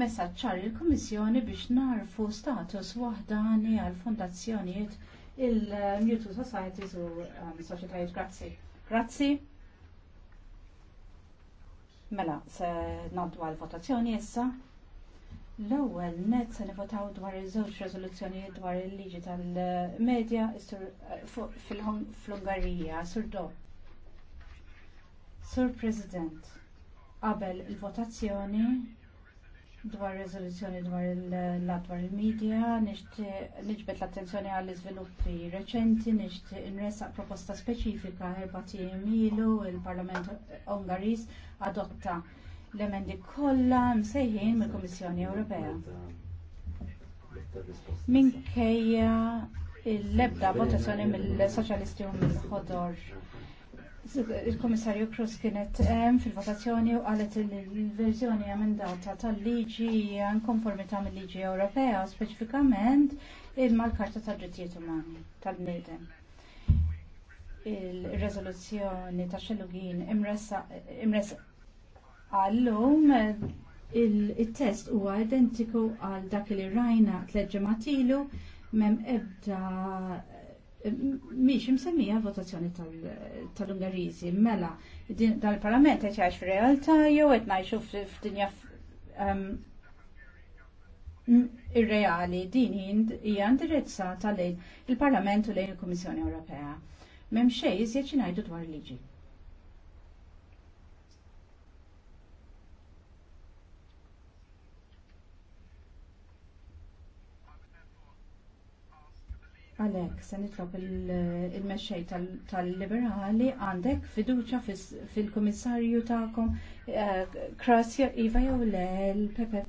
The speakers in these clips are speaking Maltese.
messaċċar il-Kummissjoni biex narfu status waħdani għal fondazzjonijiet il-Mutual Societies u um, Soċjetajiet. Grazzi. Grazzi. Mela, se naddu għal votazzjoni issa. L-ewwel net se nivotaw dwar iż-żewġ rezoluzzjonijiet dwar il-liġi tal-medja eh, fil-Ungarija, sur do. Sur President, qabel il-votazzjoni dwar rezoluzzjoni dwar l-adwar il-medja, nġbet l-attenzjoni għall iżviluppi reċenti, nġt inresa proposta speċifika erbati emilu, il-Parlament Ungaris adotta l-emendi kollha msejħin mill-Kummissjoni Ewropea. Minkejja l-ebda votazzjoni mill-Soċjalisti u mill-Ħodor il-Komissarju Cruz kienet hemm eh, fil-votazzjoni u qalet il-verżjoni emendata tal-liġi għan konformità mill-liġi Ewropea, u speċifikament imma l-Karta tad-Drittijiet Umani tal-Bniedem. Il-rezoluzzjoni ta' xelugin imressa għallum il-test huwa identiku għal dak li rajna tleġġematilu mem ebda miex imsemmija votazzjoni tal-Ungarizi, mela, dal-parlament qed jgħix f'realtà jew qed dinja f'dinja ehm, irreali din hija indirizzata lejn il-Parlament u lejn il-Kummissjoni Ewropea. M'hemm xejn iżjed xi ngħidu dwar liġi. Għalek, se nitlob il mexej tal-liberali għandek fiduċa fil-komissarju ta'kom Krasja eh, Iva jew le l pepe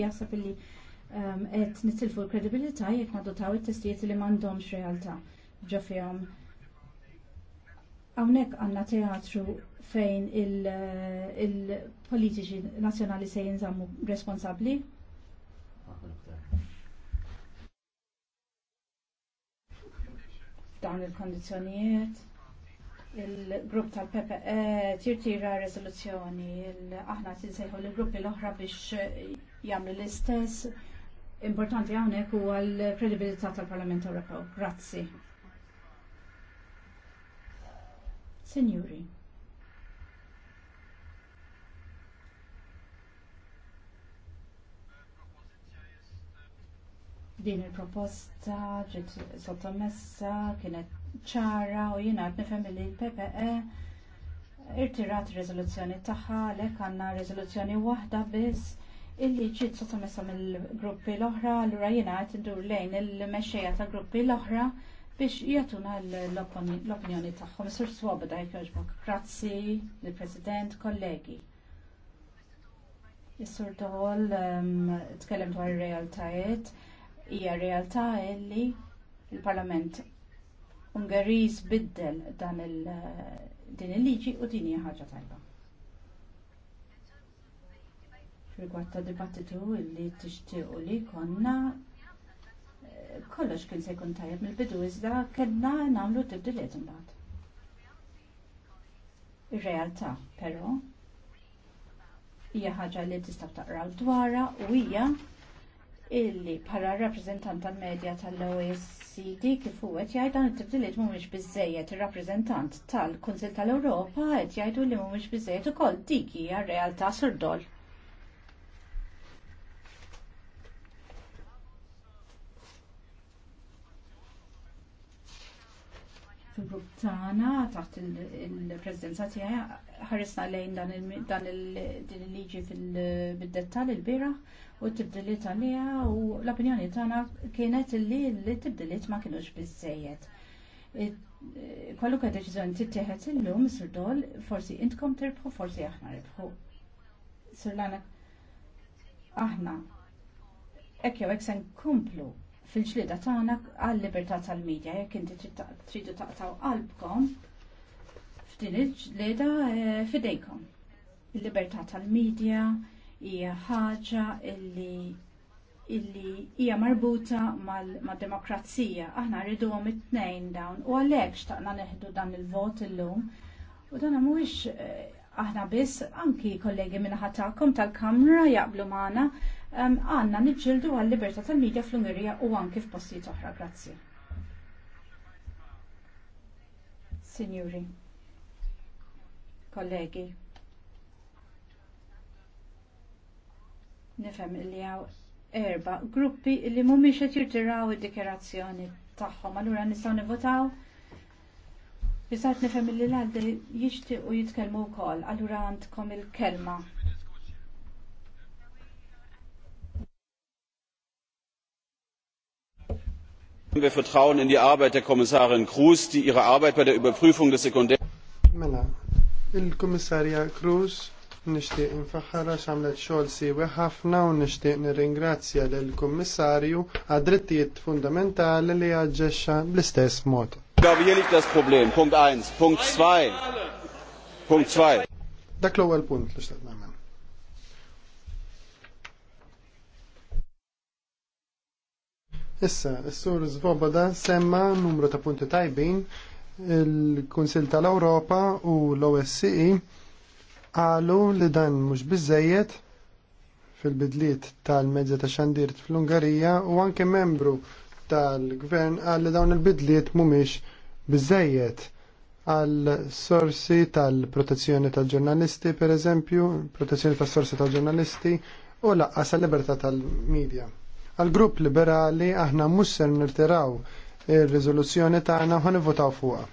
jasab li ehm, qed nitilfu l-kredibilità jekk nadotaw it-testijiet li m'għandhomx realtà ġo fihom. Hawnhekk għandna teatru fejn eh, il-politiċi nazzjonali se jinżammu responsabbli dan il-kondizjonijiet. Il-grupp tal-PPE tirtira rezoluzzjoni, aħna tinsejħu l-gruppi l-oħra biex jagħmlu l-istess. Importanti hawnhekk huwa l-kredibilità tal-Parlament Ewropew. Grazzi. Signori. Din il-proposta ġiet sottomessa kienet ċara u jiena għad nifhem li l-PPE irtirat riżoluzzjoni tagħha għalhekk għandna riżoluzzjoni waħda biss illi ġiet sottomessa mill-gruppi l-oħra allura jiena qed ndur lejn il-mexxejja ta' gruppi l-oħra biex jagħtuna l-opinjoni tagħhom. Sur Swoboda jekk jogħġbok. Grazzi, il-President, kollegi. Is-Sur Dol ehm, tkellem dwar ir-realtajiet hija realtà li l parlament Ungariż biddel dan il eh, din il-liġi u din hija ħaġa tajba. Rigward ta' dibattitu li tixtiequ li konna eh, kollox kien se jkun tajjeb mill-bidu iżda kellna nagħmlu tibdiliet imbagħad. Ir-realtà però hija ħaġa li tista' taqraw dwarha u hija illi bħala rappresentant tal-medja tal-OECD kif u qed jgħid dan it-tibdiliet mhumiex biżejjed ir-rappreżentant tal-Kunsill tal-Ewropa qed jgħidu li mhumiex biżejjed ukoll dik hija r-realtà surdol. fil-grupp tagħna taħt il-Presidenza tiegħi ħarisna lejn dan il-liġi fil-dettal il-bieraħ u t-tibdiliet għalija u l-opinjoni tagħna kienet li l-tibdiliet ma kienux biżejjed. deċizjoni deċiżjoni tittieħed illum sur dol forsi intkom terbħu, forsi aħna rebħu. Sur lana aħna hekk jew hekk se nkumplu fil-ġlieda tagħna għall-libertà tal-medja jekk inti tridu taqtaw qalbkom f'din il-ġlieda eh, fidejkom. Il-libertà tal-medja, hija ħaġa illi illi hija marbuta mal-demokrazija. Aħna rriduhom it-tnejn dawn u għalhekk xtaqna neħdu dan il-vot illum. U dan mhuwiex eh, aħna biss anki kollegi minn ħatakom tal-Kamra jaqblu magħna għandna niġġieldu għall-libertà tal-medja fl-Ungerija u anki f'postijiet oħra. Grazzi. Signori, kollegi. nifem li għaw erba gruppi li mhumiex qed jirtiraw id-dikerazzjoni tagħhom. Allura nistgħu nivvotaw. Issa qed nifhem li l-għaddi jixtiequ jitkellmu wkoll, allura għandkom il-kelma. Wir vertrauen in die Arbeit der Kommissarin Cruz, die ihre Arbeit bei der Überprüfung des Sekundär. Mela, il-Kommissarja Cruz nixtieq infaħħara x'għamlet xogħol siewi ħafna u nixtieq nirringrazzja lill kummissarju għad drittijiet fundamentali li għaġġexxa bl-istess mod. Dak l-ewwel punt li xtaqt nagħmel. Issa, s-sur Zvoboda semma numru ta' punti tajbin il-Kunsil tal ewropa u l-OSCE qalu li dan mhux biżejjed fil-bidliet tal-mezza ta' xandirt fl-Ungarija u anke membru tal-gvern għal li dawn il-bidliet mhumiex biżejjed għal sorsi tal-protezzjoni tal-ġurnalisti, per eżempju, protezzjoni tal-sorsi tal-ġurnalisti u laqqas tal libertà tal-medja. Għal-grupp liberali aħna mhux ser nirtiraw ir-riżoluzzjoni tagħna u ħanivvotaw fuqha.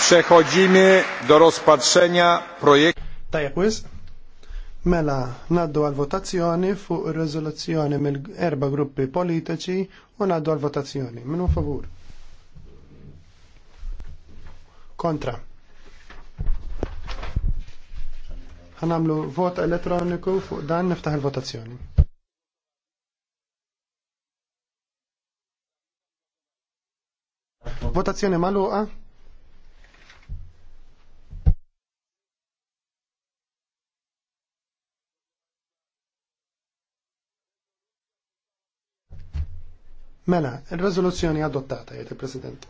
Przechodzimy do rozpatrzenia projektu. Tajja jest. Mela, naddu għal-votazzjoni fuq rezoluzzjoni mill-erba gruppi politiċi u naddu għal-votazzjoni. Minu favur. Kontra. Għanamlu vot elettroniku fuq dan niftaħ il-votazzjoni. Votazzjoni maluqa. Mela, il-rezoluzzjoni adottata, jgħid il-President.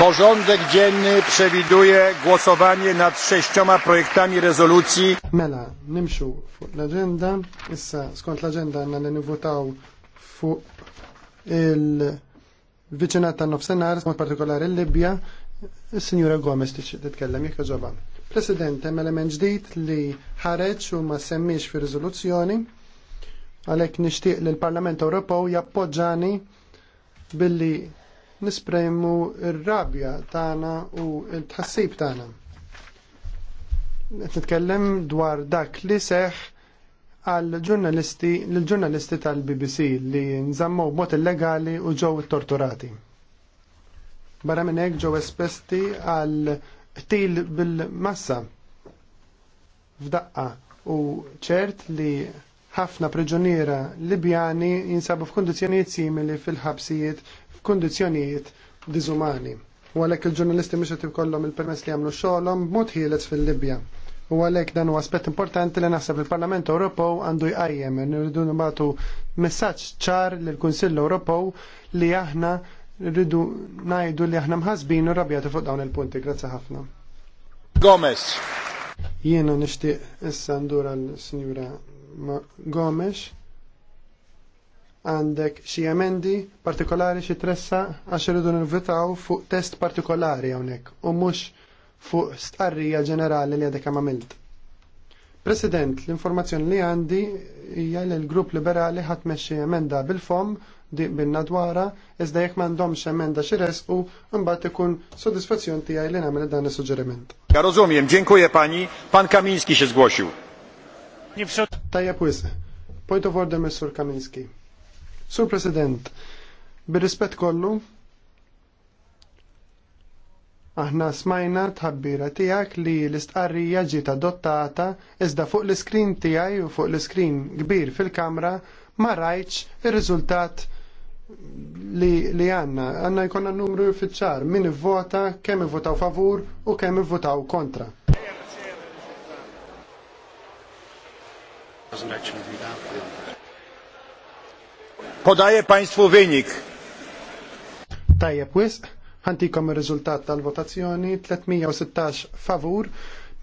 Porządek dzienny przewiduje głosowanie nad sześcioma projektami rezolucji. Mela, nimxu fuq l-agenda. Issa, skont l-agenda għanna l-nivutaw fuq il vicinata tan nofsenar, mod partikolari l-Libja. Signora Gomez titkellem jekk ġoba. President, hemm element ġdid li ħareġ u ma semmix fi riżoluzzjoni għalhekk nixtieq li l-Parlament Ewropew jappoġġani billi nispremu r-rabja tagħna u l-tħassib tagħna. Qed nitkellem dwar dak li seħħ għal ġurnalisti l-ġurnalisti tal-BBC li nżammu b'mod illegali u ġew torturati. Barra minn hekk ġew espesti għal til bil-massa f'daqqa u ċert li ħafna priġuniera Libjani jinsabu f'kundizzjonijiet simili fil-ħabsijiet f'kundizzjonijiet diżumani. U għalhekk il-ġurnalisti mhux qed ikollhom il-permess li jagħmlu xogħolhom b'mod ħieles fil-Libja. U għalhekk dan huwa aspett importanti li naħseb il-Parlament Ewropew għandu jqajjem, nirridu nibatu messaġġ ċar lill-Kunsill Ewropew li aħna rridu najdu li aħna mħazbin u rabjati fuq dawn il-punti. Grazzi ħafna. Gomez. Jiena nixtieq issa ndura għal sinjura Gomes. Għandek xi emendi partikolari xi tressa għax irridu nivvitaw fuq test partikolari hawnhekk u mhux fuq starrija ġenerali li għadek għamilt. President, l-informazzjoni li għandi hija li l-Grupp Liberali ħadd mexxi emenda bil-fom binna dwara, iżda jekk m'għandhomx emenda xi resqu, mbagħad ikun sodisfazzjon tiegħi li nagħmel dan is-suġġeriment. Ja rozumiem, dziękuję pani. Pan Kamiński się zgłosił. Tajja pwis. Point of order, Mr. Kamiński. Sur President, bir-rispett kollu, Aħna smajna tħabbira tijak li l-istqarrija ġiet adottata iżda fuq l-iskrin tijaj u fuq l-iskrin kbir fil-kamra ma rajtx ir-riżultat li, li għanna, għanna jkonna numru fiċċar, min vota, kemm votaw favur u kemm votaw kontra. Podaje Państwu wynik. Tajjeb pwis, għantikom ir-riżultat tal-votazzjoni 316 favur,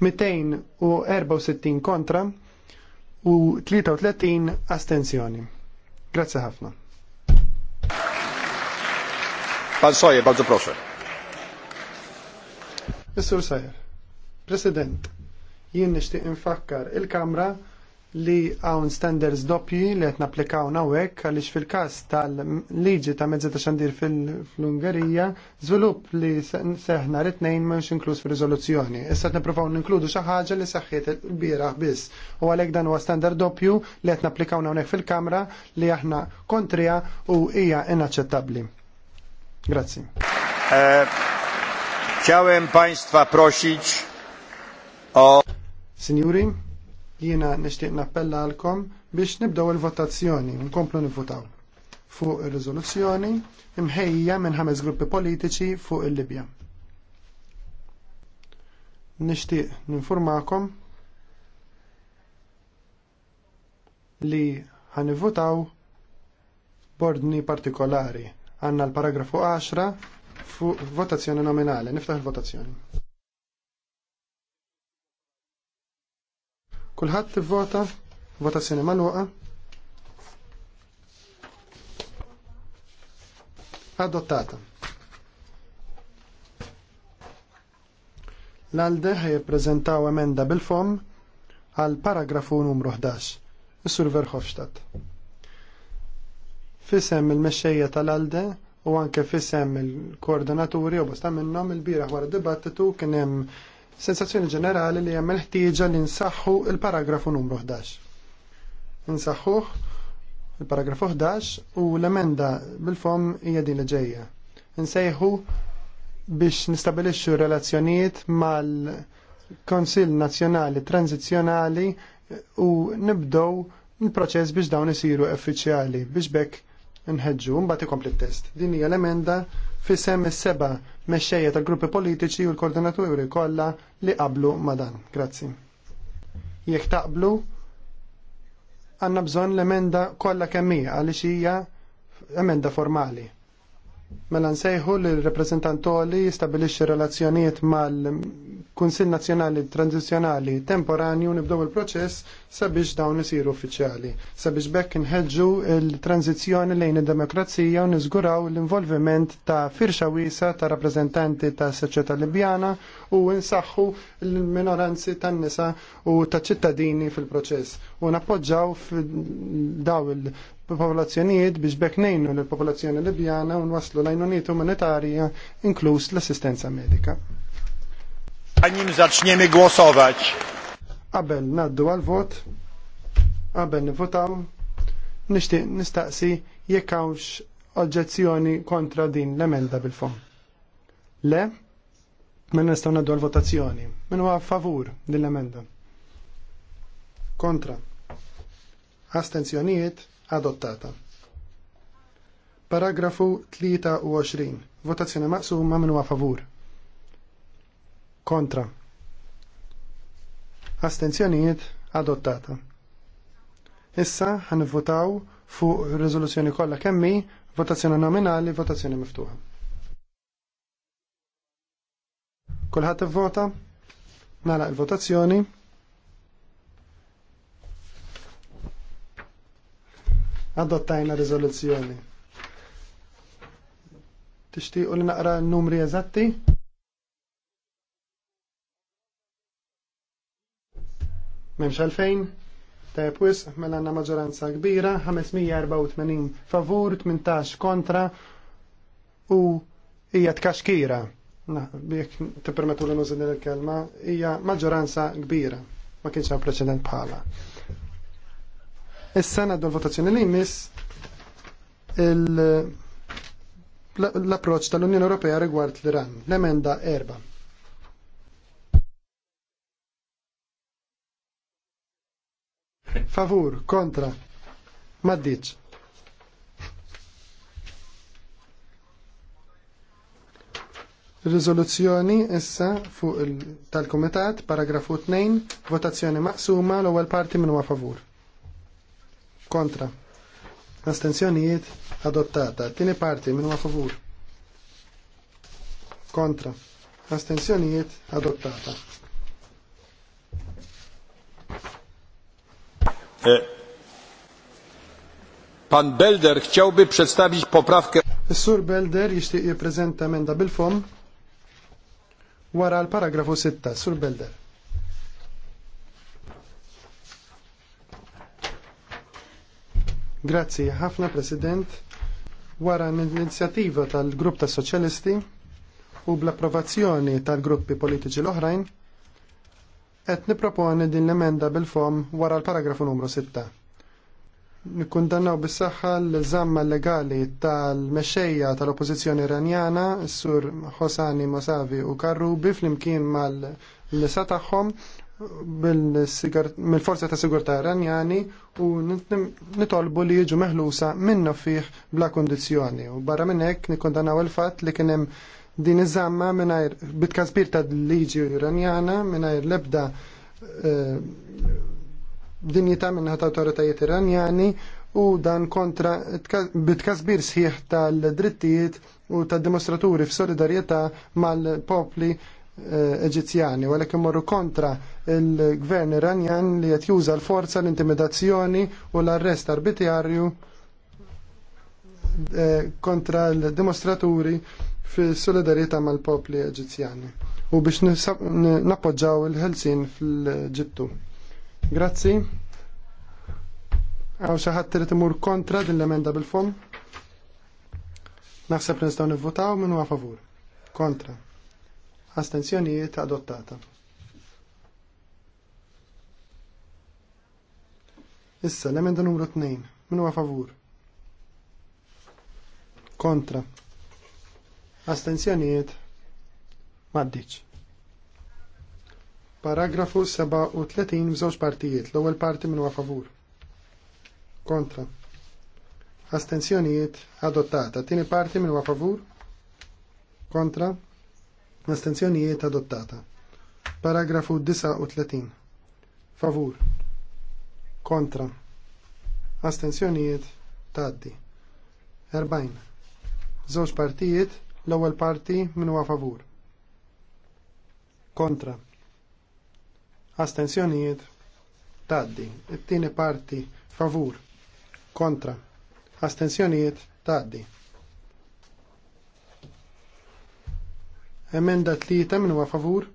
264 kontra u 33 astenzjoni. Grazzi ħafna. Pan Soje, bardzo proszę. Mr. Sajer, President, jien nixtieq infakkar il-Kamra li hawn standards doppji li qed napplikaw hawnhekk għaliex fil-każ tal-liġi ta' mezzi ta' xandir fil-Ungerija, żvilupp li seħna nhar it-tnejn m'hemmx inkluż fir-riżoluzzjoni. Issa qed nippruvaw ninkludu xi ħaġa li seħħiet il-bieraħ biss. U għalhekk dan huwa standard doppju li qed napplikaw hawnhekk fil-Kamra li aħna kontrija u hija inaċċettabbli. Grazzi. E, chciałem Państwa prosić o... Signori, jiena nishtiq nappella għalkom biex nibdaw il-votazzjoni, nkomplu nivvotaw fuq il-rizoluzzjoni imħejja minn ħames gruppi politiċi fuq il-Libja. Nishtiq ninformakom li ħanivvotaw bordni partikolari Għanna l-paragrafu 10 fu votazzjoni nominali. Niftaħ il-votazzjoni. Kulħadd vota, votazzjoni magħluqa. Adottata. L-ALDE jippreżentaw emenda bil-fom għal paragrafu numru 11. Is-Sur Verhofstadt. Fisem il-mexxejja tal-Alde u anke fisem il-koordinaturi u bosta minnhom il biraħ wara dibattitu kien hemm sensazzjoni ġenerali li hemm il-ħtieġa li nsaħħu il-paragrafu numru 11. Nsaħħuh il-paragrafu 11 u l-emenda bil-fom hija din ġejja. Nsejħu biex nistabilixxu relazzjonijiet mal-Konsil Nazzjonali Tranzizzjonali u nibdow il-proċess biex dawn isiru uffiċjali biex bekk nħedġu mbagħad ikompli t-test. Din hija l-emenda fisem is-seba' mexxejja tal-gruppi politiċi u l-koordinaturi kollha li qablu ma' dan. Grazzi. Jekk taqblu għandna bżonn l-emenda kollha kemm hija għaliex hija emenda formali. Mela nsejħu li l toli jistabilixxi relazzjonijiet mal Kunsill Nazzjonali Tranzizjonali Temporanju nibdew il-proċess sabiex dawn isiru uffiċjali. Sabiex bekk inħeġġu l-tranzizzjoni lejn id-demokrazija u niżguraw l-involviment ta' firxa wiesa ta' rappreżentanti ta' soċjetà Libjana u nsaħħu l-minoranzi tan-nisa u ta' ċittadini fil-proċess u nappoġġaw f'daw il-popolazzjonijiet biex bekk nejnu l-popolazzjoni Libjana u nwaslu l-għajnuniet umanitarja inkluż l-assistenza medika. Zanim zaczniemy głosować. Qabel naddu għal-vot, qabel nivotaw, nishtiq nistaqsi jekk hawnx oġġezzjoni kontra din l-emenda bil-fom. Le, minn nistaw naddu għal-votazzjoni. Min huwa favur din l-emenda. Kontra. Astenzjonijiet adottata. Paragrafu 23. Votazzjoni maqsuma min huwa favur kontra. Astenzjonijiet adottata. Issa votaw fuq riżoluzzjoni kollha kemmi votazzjoni nominali, votazzjoni miftuħa. Kulħadd ivvota? Nagħlaq il-votazzjoni. Adottajna riżoluzzjoni. Tixtiequ li naqra n-numri eżatti? Memx għalfejn, tajab wis, mela għanna maġoranza kbira, 584 favur, 18 kontra u hija tkaxkira. Bek t-permetu l il-kelma, hija maġoranza kbira. Ma kienx hemm preċedent bħala. Issa għaddu l-votazzjoni li jmiss l-approċċ tal-Unjoni Ewropea rigward l-Iran. L-emenda erba'. Favur, kontra. Maddiċ. Risoluzzjoni issa fuq tal-Kumitat, paragrafu 2, votazzjoni maqsuma l-ewwel parti minn huwa favur. Kontra. Astenzjonijiet adottata. Tieni parti minn huwa favur. Kontra. Astenzjonijiet adottata. E, pan Belder chciałby przedstawić poprawkę. Sur Belder jeśli jippreżenta emenda bil-fom wara l-paragrafu 6. Sur Belder. Grazie, Hafna, President. Wara l inizjativa tal-Grupp ta' Soċjalisti u bl-approvazzjoni tal-gruppi politiċi l-oħrajn, qed niproponi din l-emenda bil-fom wara l-paragrafu numru 6. Nikkundannaw bis-saħħa l-żamma legali tal-mexxejja tal-Oppożizzjoni Iranjana, sur Hosani Mosavi u Karrubi flimkien mal-lisa tagħhom mill-forza ta' sigurta iranjani u nitolbu li jiġu meħlusa minnu fih bla kundizzjoni. U barra minn hekk nikkundannaw il fatt li kien hemm din iż-żamma mingħajr bitkasbir ta' liġi iranjana mingħajr lebda ebda eh, dinjità minnaħa ta' autoritajiet iranjani u dan kontra bitkasbir sħiħ tal-drittijiet u tad dimostraturi f'solidarjetà mal-popli eh, Eġizzjani, u għalek imorru kontra il-gvern iranjan li qed juża l-forza, l-intimidazzjoni u l-arrest arbitjarju eh, kontra l-dimostraturi fil-solidarieta mal-popli Eġizzjani u biex nappoġġaw il-ħelsin fil-ġittu. Grazzi. Għaw xaħat trid imur kontra din l-emenda bil-fom. Naħseb nistgħu nivvotaw minn huwa favur. Kontra. Astenzjonijiet adottata. Issa l-emenda numru 2. Min huwa favur? Kontra. Astenzjoniet. maddiċ. Paragrafu 37 bżoċ partijiet. l ewel parti minnu favur. Kontra. Astenzjonijiet adottata. Tieni parti minnu favur. Kontra. Astenzjonijiet adottata. Paragrafu 39. Favur. Kontra. Astenzjonijiet taddi. Erbajn. Żewġ partijiet L-ewwel parti min huwa favur. Kontra. Astensjonijiet taddi. It-tieni parti favur. Kontra. Astensjonijiet taddi. Emenda tlieta min huwa favur.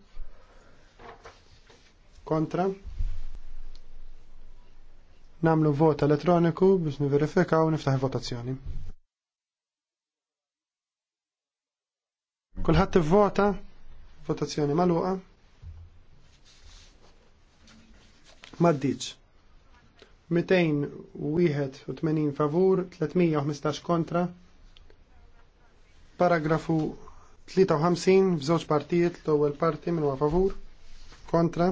Kontra namlu vot elettroniku biex niverifikaw niftaħ votazzjoni. Kulħadd ivvota, votazzjoni magħluqa. Maddiċ. 281 favur, 315 kontra. Paragrafu 53 f'żewġ partijiet l-ewwel parti minn huwa favur, kontra,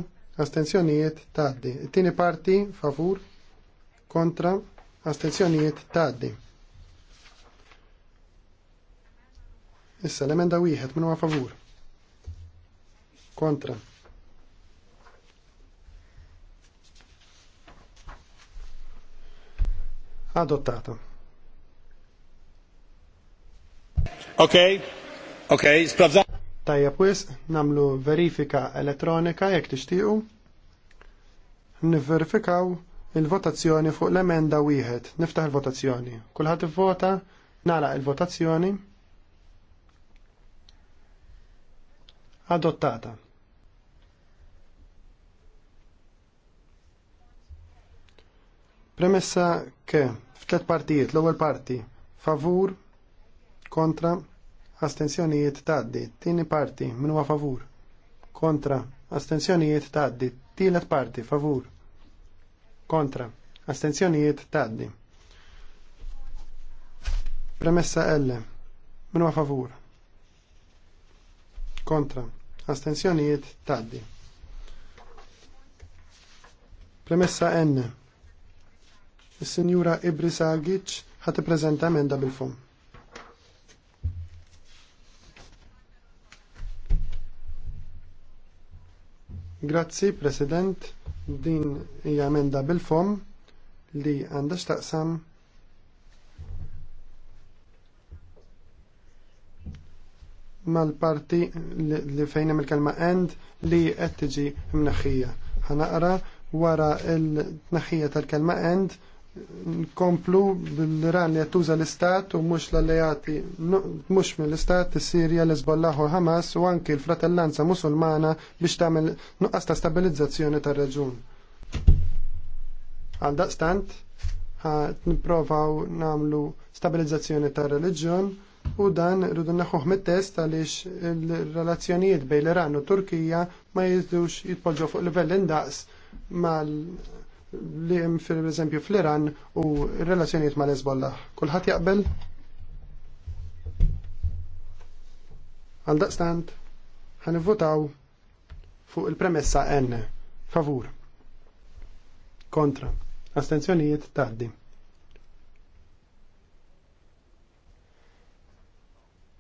astenzjonijiet tgħaddi. It-tieni parti favur, kontra, astenzjonijiet tgħaddi. Issa l-emenda wieħed minn huwa favur. Kontra. Adottata. Ok, ok, sprawdza. Tajja pwis, namlu verifika elettronika jekk tixtiequ. Nivverifikaw il-votazzjoni fuq l-emenda wieħed. Niftaħ il-votazzjoni. Kulħadd ivvota, nara il-votazzjoni. il votazzjoni adottata. Premessa ke f'tlet partijiet l-ewwel parti favur kontra astensjonijiet tgħaddi, tieni parti min huwa favur kontra astensjonijiet tgħaddi, tielet parti favur kontra astensjonijiet tgħaddi. Premessa L min huwa favur kontra Astenzjonijiet taddi. Premessa N. Is-Sinjura Ibrisa Agic ħat prezenta emenda bil-fum. Grazzi, President. Din hija emenda bil fum li għandha xtaqsam mal-parti li fejn hemm il-kelma end li qed tiġi mnaħħija. Ħanaqra wara l-tnaħħija tal-kelma end nkomplu bil iran li jattuża l-istat u mux l-alleati, mux mill-istat Sirja, l izbollah u Hamas u anki l-fratellanza musulmana biex tagħmel nuqqas ta' stabilizzazzjoni tar-reġun. Għaldaqstant, niprofaw namlu stabilizzazzjoni tar reġun u dan rridu naħuħ mit-test għaliex il-relazzjonijiet bejn l-Iran u Turkija ma jiżdux jitpoġġu fuq livell indaqs mal li hemm fil eżempju fl-Iran u r-relazzjonijiet mal hezbollah Kulħadd jaqbel? Għal daqstant ħanivvotaw fuq il-premessa N favur kontra astenzjonijiet taħdim.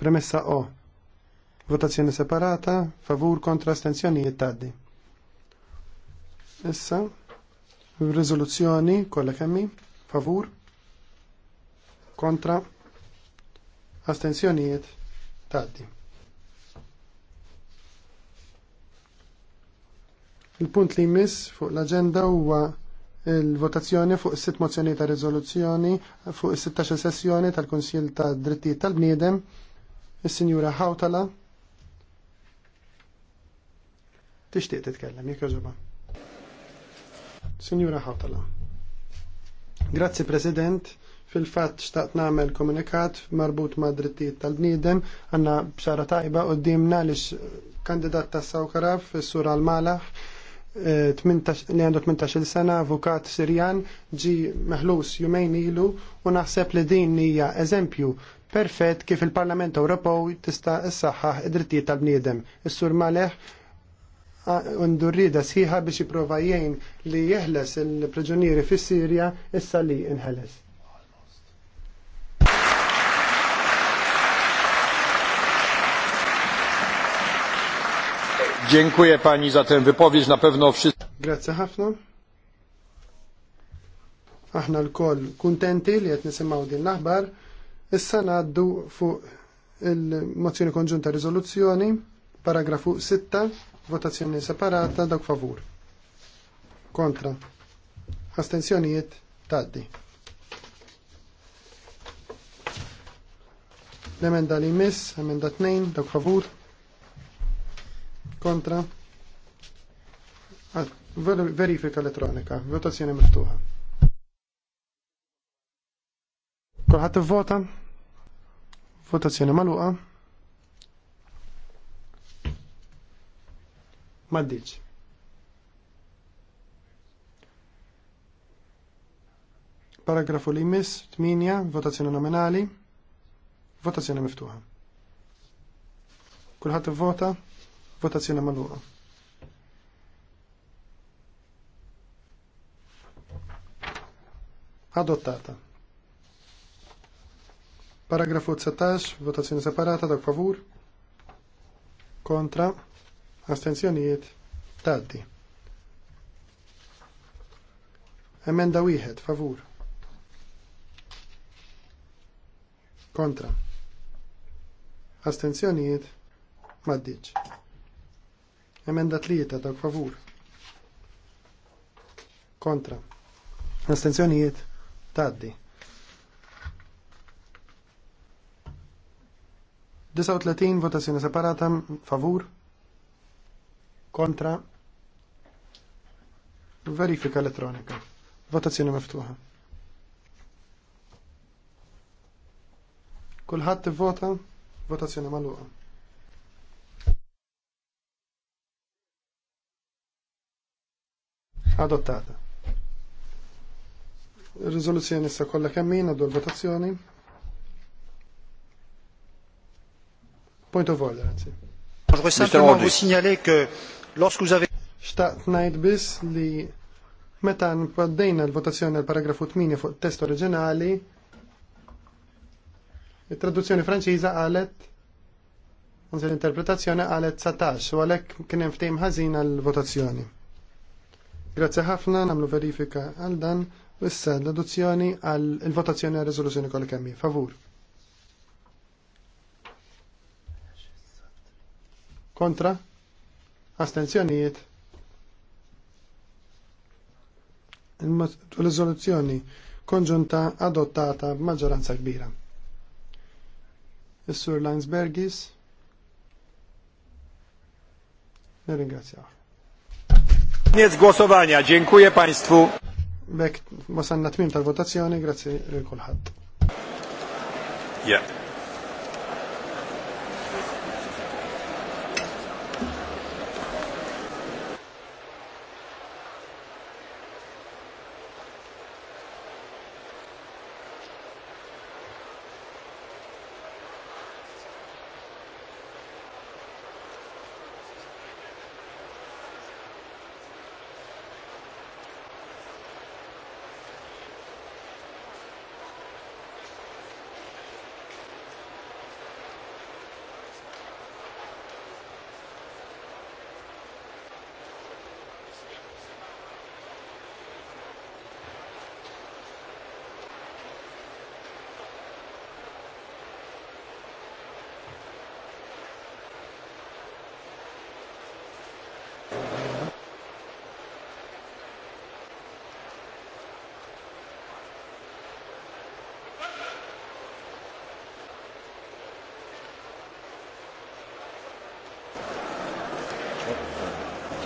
Premessa O. Votazzjoni separata, favur kontra astenzjonijiet taddi. Issa, Rizoluzzjoni kolla kemmi, favur, kontra, astenzjonijiet, taddi. Il-punt li jmiss fuq l-agenda huwa il-votazzjoni fuq is-sitt mozzjoni ta' riżoluzzjoni fuq is sittax sessjoni tal-Kunsil ta' Drittijiet tal-Bniedem Is-Sinjura Hawtala tixtieq titkellem jekk jogħġobha. Sinjura Hawtala. Grazzi President fil-fatt xtaqt nagħmel komunikat marbut ma' drittijiet tal-bniedem għandna bxara tajba qudiemna lix kandidat tas Sawkaraf fis sur Al-Malaħ eh, li għandu 18 sena avukat Sirjan ġi meħlus jumejn ilu u naħseb li din hija eżempju perfett kif il-Parlament Ewropew tista' issaħħaħ id-drittijiet tal-bniedem. Is-Sur Maleh għandu rrida sħiħa biex jipprova jgħin li jeħles il-preġunieri fis-Sirja issa li inħeles. Dziękuję pani za tę wypowiedź. Na pewno wszyscy. Grazie ħafna. Aħna l-koll kontenti li qed nisimgħu din l-aħbar. Issa naddu fuq il-mozzjoni konġunta rizoluzzjoni, paragrafu 6, votazzjoni separata dawk favur. Kontra. Astenzjonijiet taddi. L-emenda li miss, emenda 2, dawk favur. Kontra. Verifika elettronika, votazzjoni miftuħa. Kulħadd ivvota? Votazzjoni maluqa. Maddiċ. Paragrafu li jmiss, tminja, votazzjoni nominali, votazzjoni miftuħa. Kulħadd vota, votazzjoni maluqa. Adottata. Paragrafu 17, votazzjoni separata, dak favur. Kontra. astenzjoniet, Taddi. Emenda wieħed, favur. Kontra. Astenzjonijiet. Maddiċ. Emenda tlieta, dak favur. Kontra. Astenzjonijiet. Taddi. 39 votazzjoni separata favur kontra verifika elettronika. Votazzjoni miftuħa. Kulħadd ivvota, votazzjoni magħluqa. Adottata. Risoluzzjoni issa kollha kemm għadu l-votazzjoni. Point of order, anzi. Je simplement vous signaler que lorsque vous avez... Xtaqt najt biss li meta npaddejna l-votazzjoni għal paragrafu 8 fuq test oriġinali, il-traduzzjoni franċiża għalet Unse l-interpretazzjoni għalet satax u għalek kienem ftejm ħazin għal-votazzjoni. Grazie ħafna, namlu verifika għal dan, u issa l-adozzjoni għal-votazzjoni għal-rezoluzjoni kolli kemmi. Favur. Kontra? Astenzjonijiet? Il-rizoluzzjoni konġunta adottata b'maġġoranza kbira. Is-Sur Lansbergis. Nirringrazzjaw. Koniec głosowania. Dziękuję Państwu. Bek, wasanna tmim tal-votazzjoni, grazie kulħadd. Yeah.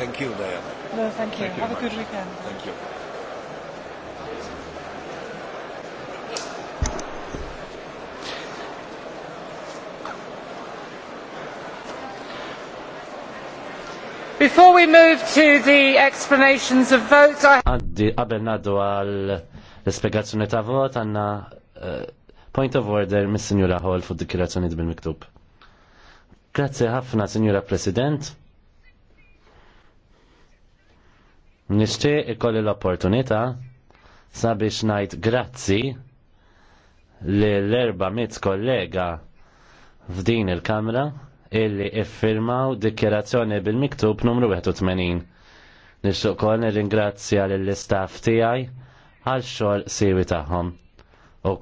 Thank you, Diana. No, thank you. Thank you Have a good weekend. Thank you. Before we move to the explanations of votes, I... Għaddi, għabel għal l-spiegazzjoni ta' vot, għanna eh, point of order mis-Sinjura Hall fuq dikirazzjoni bil-miktub. Grazie ħafna, President. Nixtieq ikolli l-opportunità sabiex ngħid grazzi li l mitz kollega f'din il-Kamra illi iffirmaw dikjerazzjoni bil-miktub numru 81. Nixtieq ukoll nirringrazzja lill-istaff tiegħi għal xogħol siwi tagħhom.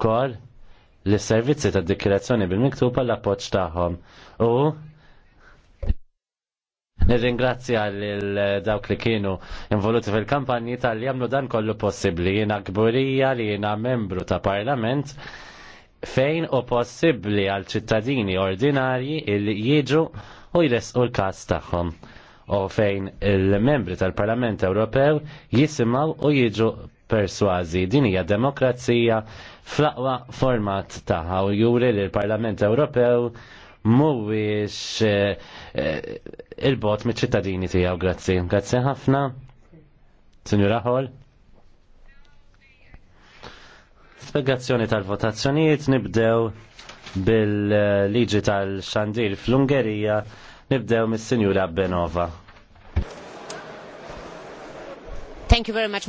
kol l-servizzi tad dikjerazzjoni bil-miktub għall appoġġ tagħhom u Nirringrazzja l-dawk li kienu involuti fil-kampanji tal-li jamlu dan kollu possibli. Jiena gburija li jena membru ta' parlament fejn u possibli għal ċittadini ordinarji il jiġu u jresqu l-kas tagħhom u fejn il-membri tal-Parlament Ewropew jisimaw u jiġu perswazi. Din hija demokrazija fl-aqwa format tagħha u juri l-Parlament Ewropew mhuwiex eh, eh, il-bot mit-ċittadini tiegħu, grazzi. Grazzi ħafna. Signora Hall. Spiegazzjoni tal-votazzjonijiet nibdew bil-liġi tal-xandir fl-Ungerija nibdew mis-Sinjura Benova. Thank you very much.